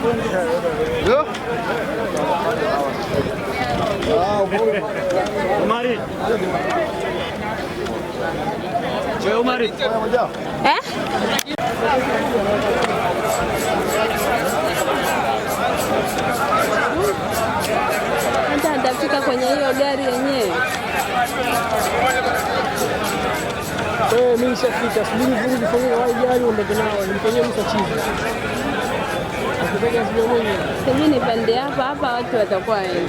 Eh? Hata atafika kwenye hiyo gari yenyewe. Eh, mimi nishafika, subiri vurugu ifanyike, waje aje, ndio nifanyie mtu achizi Sijui nipande hapa hapa, watu watakuwa wengi.